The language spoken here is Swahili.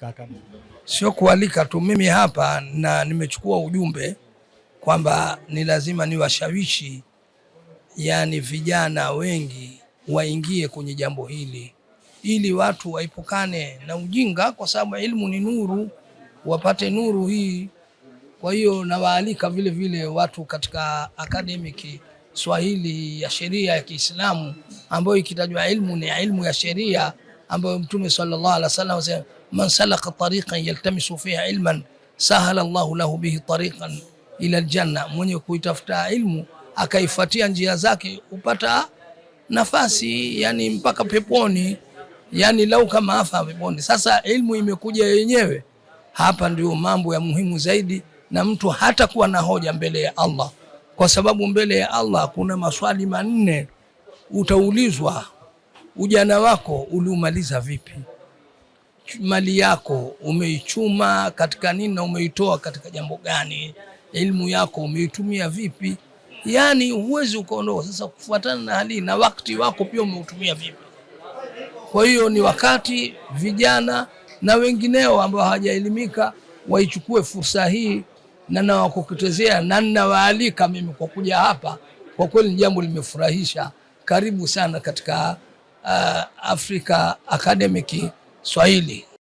Kaka, sio kualika tu, mimi hapa na nimechukua ujumbe kwamba ni lazima niwashawishi, yani vijana wengi waingie kwenye jambo hili ili watu waepukane na ujinga, kwa sababu elimu ni nuru, wapate nuru hii. Kwa hiyo nawaalika vile vile watu katika academic Swahili ya sheria ya Kiislamu ambayo ikitajwa elimu ni elimu ya sheria ambayo Mtume sallallahu alaihi wasallam asema man salaka tariqan yaltamisu fiha ilman sahala Allahu lahu bihi tariqan ila aljanna, mwenye kuitafuta ilmu akaifuatia njia zake hupata nafasi yani mpaka peponi, yani lau kama afa peponi. Sasa ilmu imekuja yenyewe, hapa ndio mambo ya muhimu zaidi, na mtu hata kuwa na hoja mbele ya Allah, kwa sababu mbele ya Allah kuna maswali manne utaulizwa Ujana wako uliumaliza vipi? Mali yako umeichuma katika nini na umeitoa katika jambo gani? Elimu yako umeitumia vipi? yani huwezi ukaondoka sasa kufuatana na hali na wakati wako pia umeutumia vipi? Kwa hiyo ni wakati vijana na wengineo ambao hawajaelimika waichukue fursa hii, na nawakokotezea na ninawaalika mimi kwa kuja hapa. Kwa kweli ni jambo limefurahisha. Karibu sana katika uh, Africa Academic Swahili